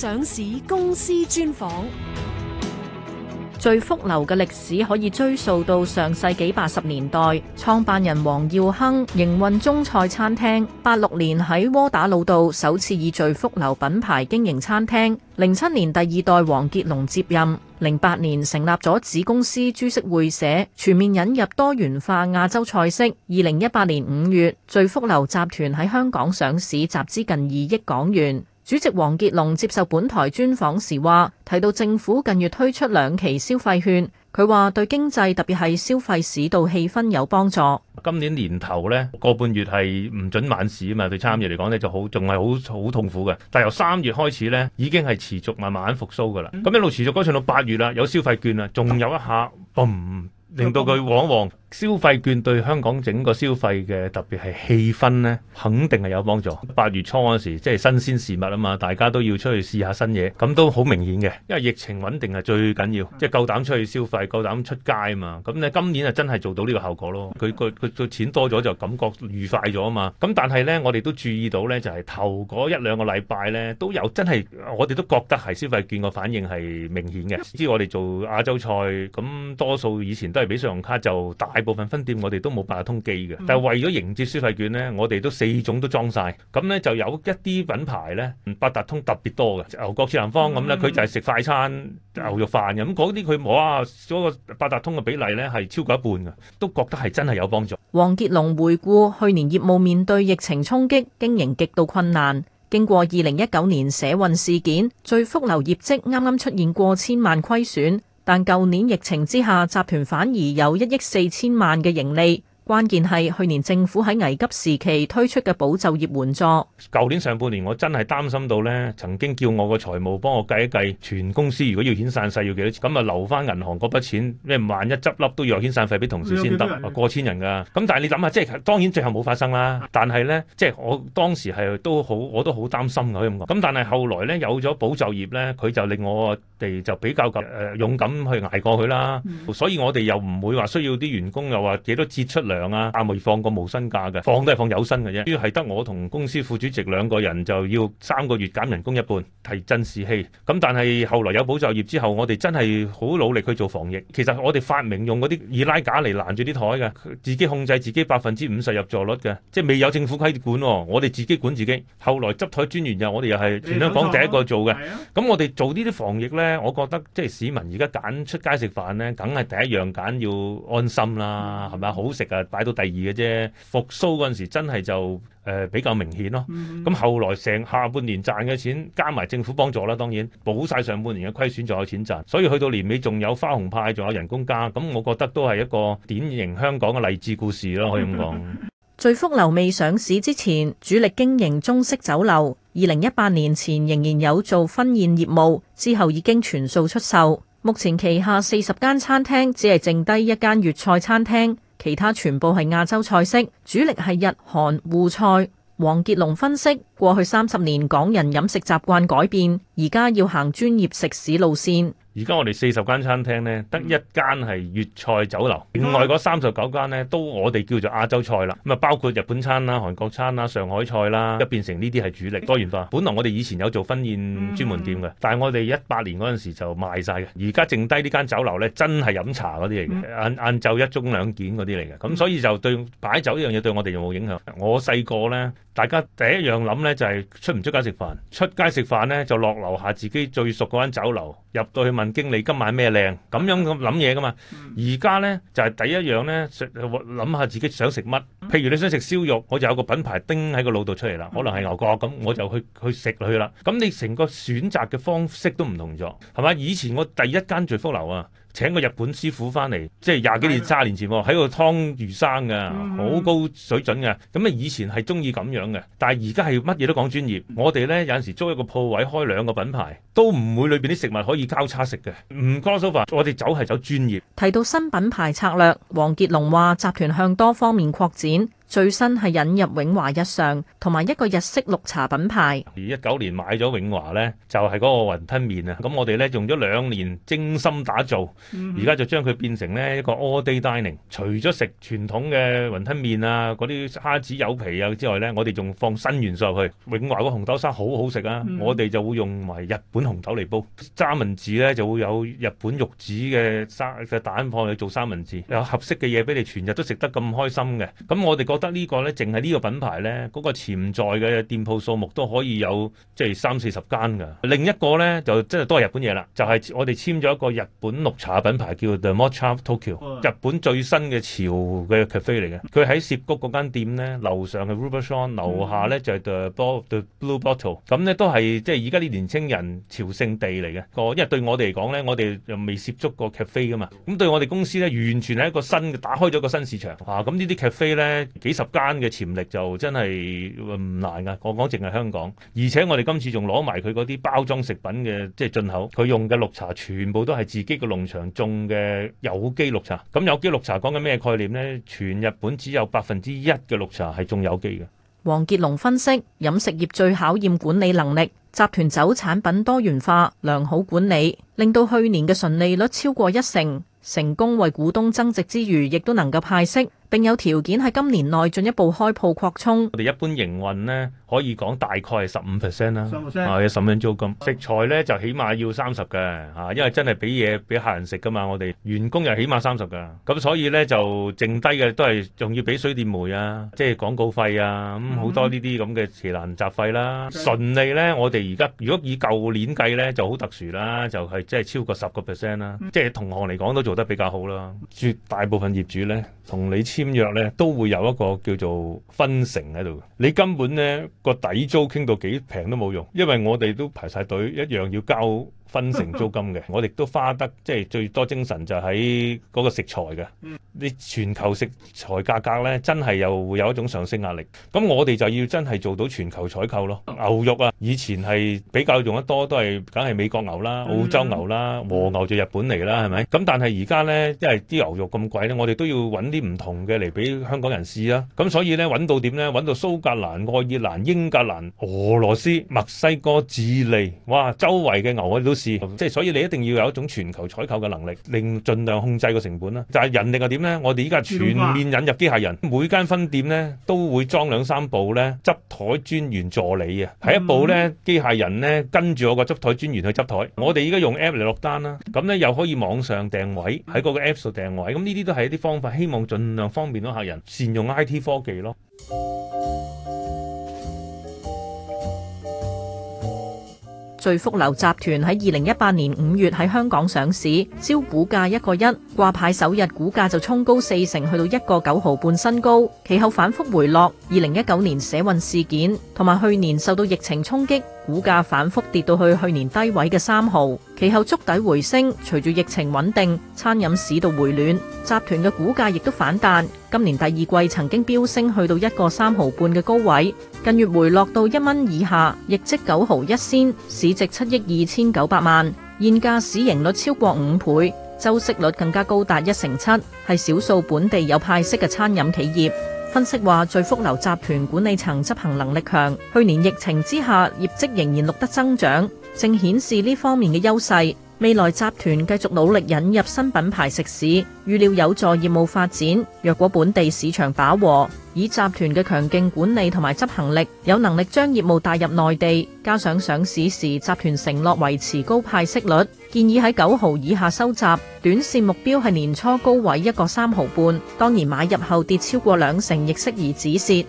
上市公司專訪。叙福樓嘅歷史可以追溯到上世紀八十年代，創辦人黃耀鏗營運中菜餐廳。八六年喺窩打老道首次以叙福樓品牌經營餐廳。零七年第二代黃傑龍接任。零八年成立咗子公司株式會社，全面引入多元化亞洲菜式。二零一八年五月，叙福樓集團喺香港上市，集資近二億港元。主席黃傑龍接受本台專訪時話，提到政府近月推出兩期消費券，佢話對經濟，特別係消費市道氣氛有幫助。今年年頭咧個半月係唔准晚市啊嘛，對參與嚟講咧就好仲係好好痛苦嘅。但係由三月開始咧，已經係持續慢慢復甦噶啦。咁、嗯、一路持續改善到八月啦，有消費券啦，仲有一下嘣，令到佢旺一消費券對香港整個消費嘅特別係氣氛咧，肯定係有幫助。八月初嗰時，即係新鮮事物啊嘛，大家都要出去試下新嘢，咁都好明顯嘅。因為疫情穩定係最緊要，即係夠膽出去消費，夠膽出街啊嘛。咁、嗯、你今年啊真係做到呢個效果咯。佢佢佢佢錢多咗就感覺愉快咗啊嘛。咁、嗯、但係咧，我哋都注意到咧，就係、係、頭嗰一兩個禮拜咧都有真係，我哋都覺得係消費券個反應係明顯嘅。知我哋做亞洲菜，咁多數以前都係俾信用卡就大。大部分分店我哋都冇八達通機嘅，但係為咗迎接消費券呢，我哋都四種都裝晒。咁呢，就有一啲品牌呢，八達通特別多嘅，牛角次男坊咁呢，佢、嗯、就係食快餐牛肉飯嘅。咁嗰啲佢哇，嗰個八達通嘅比例呢，係超過一半嘅，都覺得係真係有幫助。黃傑龍回顧去年業務面對疫情衝擊，經營極度困難，經過二零一九年社運事件，叙福樓業績啱啱出現過千萬虧損。但舊年疫情之下，集團反而有一億四千萬嘅盈利。關鍵係去年政府喺危急時期推出嘅保就業援助。舊年上半年，我真係擔心到呢，曾經叫我個財務幫我計一計，全公司如果要遣散費要幾多錢，咁啊留翻銀行嗰筆錢，咩萬一執笠都要遣散費俾同事先得，過千人噶。咁但係你諗下，即係當然最後冇發生啦。但係呢，即係我當時係都好，我都好擔心噶咁。咁但係後來呢，有咗保就業呢，佢就令我。哋就比較誒勇敢去捱過去啦，嗯、所以我哋又唔會話需要啲員工又話幾多折出糧啊，阿梅放個冇薪假嘅，放都係放有薪嘅啫，主要係得我同公司副主席兩個人就要三個月減人工一半提振士氣。咁但係後來有保就業之後，我哋真係好努力去做防疫。其實我哋發明用嗰啲易拉架嚟攔住啲台嘅，自己控制自己百分之五十入座率嘅，即係未有政府規管喎、哦，我哋自己管自己。後來執台專員又我哋又係全香港第一個做嘅，咁、欸啊、我哋做呢啲防疫咧。我覺得即係市民而家揀出街食飯咧，梗係第一樣揀要安心啦，係咪？好食啊，擺到第二嘅啫。復甦嗰陣時真係就誒、呃、比較明顯咯。咁、mm hmm. 後來成下半年賺嘅錢，加埋政府幫助啦，當然補晒上半年嘅虧損，仲有錢賺。所以去到年尾仲有花紅派，仲有人工加。咁我覺得都係一個典型香港嘅勵志故事咯，可以咁講。 叙福樓未上市之前，主力經營中式酒樓。二零一八年前仍然有做婚宴業務，之後已經全數出售。目前旗下四十間餐廳只係剩低一間粵菜餐廳，其他全部係亞洲菜式，主力係日韓滬菜。黃傑龍分析，過去三十年港人飲食習慣改變，而家要行專業食肆路線。而家我哋四十間餐廳咧，得一間係粵菜酒樓，另外嗰三十九間咧都我哋叫做亞洲菜啦，咁啊包括日本餐啦、韓國餐啦、上海菜啦，一變成呢啲係主力，多元化。本來我哋以前有做婚宴專門店嘅，但係我哋一八年嗰陣時就賣晒嘅，而家剩低呢間酒樓咧，真係飲茶嗰啲嚟嘅，晏晏晝一盅兩件嗰啲嚟嘅，咁所以就對擺酒呢樣嘢對我哋有冇影響？我細個呢，大家第一樣諗呢就係出唔出街食飯，出街食飯呢，就落樓下自己最熟嗰間酒樓，入到去。問經理今晚咩靚？咁樣咁諗嘢噶嘛？而家咧就係第一樣咧，諗下自己想食乜。譬如你想食燒肉，我就有個品牌叮喺個腦度出嚟啦，可能係牛角咁，我就去去食去啦。咁你成個選擇嘅方式都唔同咗，係嘛？以前我第一間敘福樓啊。請個日本師傅翻嚟，即係廿幾年、卅年前喺度湯魚生嘅，好、嗯、高水準嘅。咁啊，以前係中意咁樣嘅，但係而家係乜嘢都講專業。我哋咧有陣時租一個鋪位開兩個品牌，都唔會裏邊啲食物可以交叉食嘅。唔關所謂，我哋走係走專業。提到新品牌策略，黃傑龍話集團向多方面擴展。最新係引入永華日上同埋一個日式綠茶品牌。而一九年買咗永華咧，就係嗰個雲吞麵啊！咁我哋咧用咗兩年精心打造，而家就將佢變成咧一個 all-day dining。除咗食傳統嘅雲吞麵啊、嗰啲蝦子柚皮啊之外咧，我哋仲放新元素入去。永華個紅豆沙好好食啊！我哋就會用埋日本紅豆嚟煲三文治咧，就會有日本玉子嘅生嘅蛋放嚟做三文治，有合適嘅嘢俾你全日都食得咁開心嘅。咁我哋個覺得個呢個咧，淨係呢個品牌咧，嗰、嗰個潛在嘅店鋪數目都可以有即係三四十間㗎。另一個咧就真係都係日本嘢啦，就係、是、我哋簽咗一個日本綠茶品牌叫 The Matcha Tokyo，日本最新嘅潮嘅 cafe 嚟嘅。佢喺涉谷嗰間店咧，樓上嘅 Rooiboson，樓下咧就係 The, The Blue Bottle 咁咧都係即係而家啲年青人朝聖地嚟嘅。個因為對我哋嚟講咧，我哋又未涉足過 cafe 㗎嘛。咁對我哋公司咧，完全係一個新嘅，打開咗個新市場啊。咁、嗯、呢啲 cafe 咧，幾十間嘅潛力就真係唔難噶，我講淨係香港，而且我哋今次仲攞埋佢嗰啲包裝食品嘅，即係進口，佢用嘅綠茶全部都係自己嘅農場種嘅有機綠茶。咁有機綠茶講緊咩概念呢？全日本只有百分之一嘅綠茶係種有機嘅。黃傑龍分析，飲食業最考驗管理能力，集團酒產品多元化，良好管理令到去年嘅純利率超過一成，成功為股東增值之餘，亦都能夠派息。並有條件喺今年內進一步開鋪擴充。我哋一般營運咧，可以講大概係十五 percent 啦，有十五蚊租金。食材咧就起碼要三十嘅嚇，因為真係俾嘢俾客人食噶嘛。我哋員工又起碼三十嘅，咁所以咧就剩低嘅都係仲要俾水電煤啊，即係廣告費啊，咁、嗯、好、嗯、多呢啲咁嘅奇難雜費啦。以順利咧，我哋而家如果以舊年計咧，就好特殊啦，就係即係超過十個 percent 啦。嗯嗯、即係同行嚟講都做得比較好啦。絕大部分業主咧。同你簽約呢，都會有一個叫做分成喺度。你根本呢個底租傾到幾平都冇用，因為我哋都排晒隊，一樣要交。分成租金嘅，我哋都花得即係最多精神就喺嗰個食材嘅。你全球食材價格咧，真係又會有一種上升壓力。咁我哋就要真係做到全球採購咯。牛肉啊，以前係比較用得多，都係梗係美國牛啦、澳洲牛啦、和牛就日本嚟啦，係咪？咁但係而家咧，因為啲牛肉咁貴咧，我哋都要揾啲唔同嘅嚟俾香港人試啦，啊。咁所以咧，揾到點咧？揾到蘇格蘭愛爾蘭英格蘭、俄羅斯、墨西哥、智利，哇！周圍嘅牛我都～即係所以你一定要有一種全球採購嘅能力，令盡量控制個成本啦。就係人力又點呢？我哋依家全面引入機械人，每間分店咧都會裝兩三部咧執台專員助理啊，係一部咧機械人咧跟住我個執台專員去執台。我哋依家用 app 嚟落單啦，咁咧又可以網上訂位，喺嗰個 app 度訂位。咁呢啲都係一啲方法，希望盡量方便到客人，善用 IT 科技咯。叙福樓集團喺二零一八年五月喺香港上市，招股價一個一，掛牌首日股價就衝高四成，去到一個九毫半新高，其後反复回落。二零一九年社運事件同埋去年受到疫情衝擊。股價反覆跌到去去年低位嘅三毫，其後築底回升。隨住疫情穩定，餐飲市道回暖，集團嘅股價亦都反彈。今年第二季曾經飆升去到一個三毫半嘅高位，近月回落到一蚊以下，亦即九毫一仙，市值七億二千九百萬，現價市盈率超過五倍，周息率更加高達一成七，係少數本地有派息嘅餐飲企業。分析話，叙福樓集團管理層執行能力強，去年疫情之下業績仍然錄得增長，正顯示呢方面嘅優勢。未來集團繼續努力引入新品牌食肆，預料有助業務發展。若果本地市場飽和，以集團嘅強勁管理同埋執行力，有能力將業務帶入內地。加上上市時集團承諾維持高派息率，建議喺九毫以下收集。短綫目標係年初高位一個三毫半。當然，買入後跌超過兩成，亦適宜止蝕。